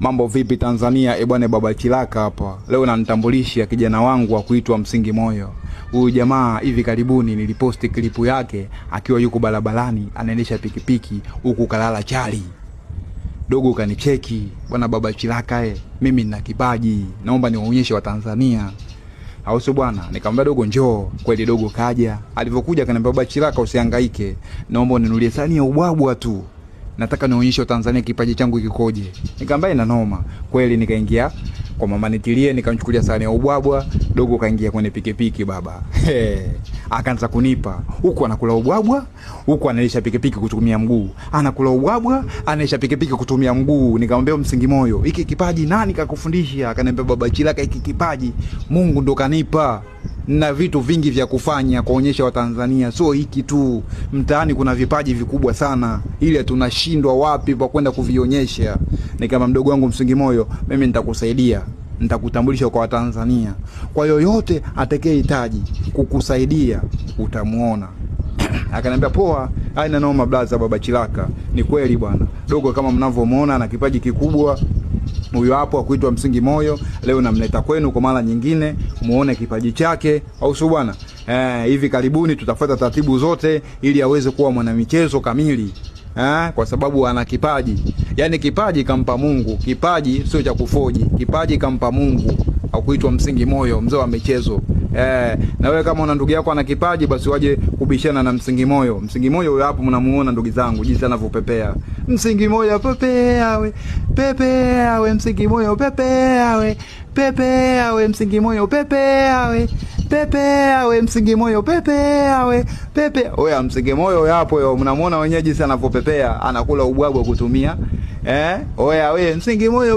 Mambo vipi Tanzania? E bwana, baba Chilaka hapa. Leo namtambulisha kijana wangu wa kuitwa Msingi Moyo. Huyu jamaa hivi karibuni niliposti klipu yake akiwa yuko barabarani anaendesha pikipiki huku kalala chali. Dogo kanicheki bwana, baba Chilaka e, eh, mimi nina kipaji, naomba niwaonyeshe Watanzania au sio bwana? Nikamwambia dogo njoo. Kweli dogo kaja, alivyokuja kaniambia baba Chilaka, usihangaike, naomba uninulie sani ya ubwabwa tu nataka nionyeshe Tanzania kipaji changu kikoje. Nikaambia ina noma kweli. Nikaingia kwa mama nitilie, nikamchukulia sahani ya ubwabwa, dogo kaingia kwenye pikipiki baba. akaanza kunipa huku anakula ubwabwa, huku analisha pikipiki kutumia mguu, anakula ubwabwa, analisha pikipiki kutumia mguu. Nikamwambia msingi moyo, hiki kipaji nani kakufundisha? Akaniambia baba Chilaka, hiki kipaji Mungu ndo kanipa na vitu vingi vya kufanya kuonyesha Watanzania, sio hiki tu. Mtaani kuna vipaji vikubwa sana, ile tunashindwa wapi pa kwenda kuvionyesha. Ni kama mdogo wangu msingi moyo, mimi nitakusaidia, nitakutambulisha kwa Watanzania, kwa yoyote atakayehitaji kukusaidia utamwona. Akaniambia poa, aina noma blaza, baba Chilaka. Ni kweli bwana dogo, kama mnavyomwona ana kipaji kikubwa huyu hapo akuitwa Msingi Moyo, leo namleta kwenu kwa mara nyingine, muone kipaji chake, au sio bwana? Eh, hivi karibuni tutafuata taratibu zote ili aweze kuwa mwanamichezo kamili. eh, kwa sababu ana kipaji. yani kipaji kampa Mungu. Kipaji sio cha kufoji. Kipaji kampa Mungu. akuitwa Msingi Moyo, mzee wa michezo. Eh, na wewe kama una ndugu yako ana kipaji basi waje kubishana na Msingi Moyo. Msingi Moyo huyo hapo mnamuona ndugu zangu jinsi anavyopepea msingi moyo pepe awe pepe awe msingi moyo pepe awe pepe awe msingi moyo pepe awe pepe awe msingi moyo pepe awe pepe oya msingi moyo yapo yo, mnamwona wenyeji sana anakula ubwabwa kutumia eh oya we msingi moyo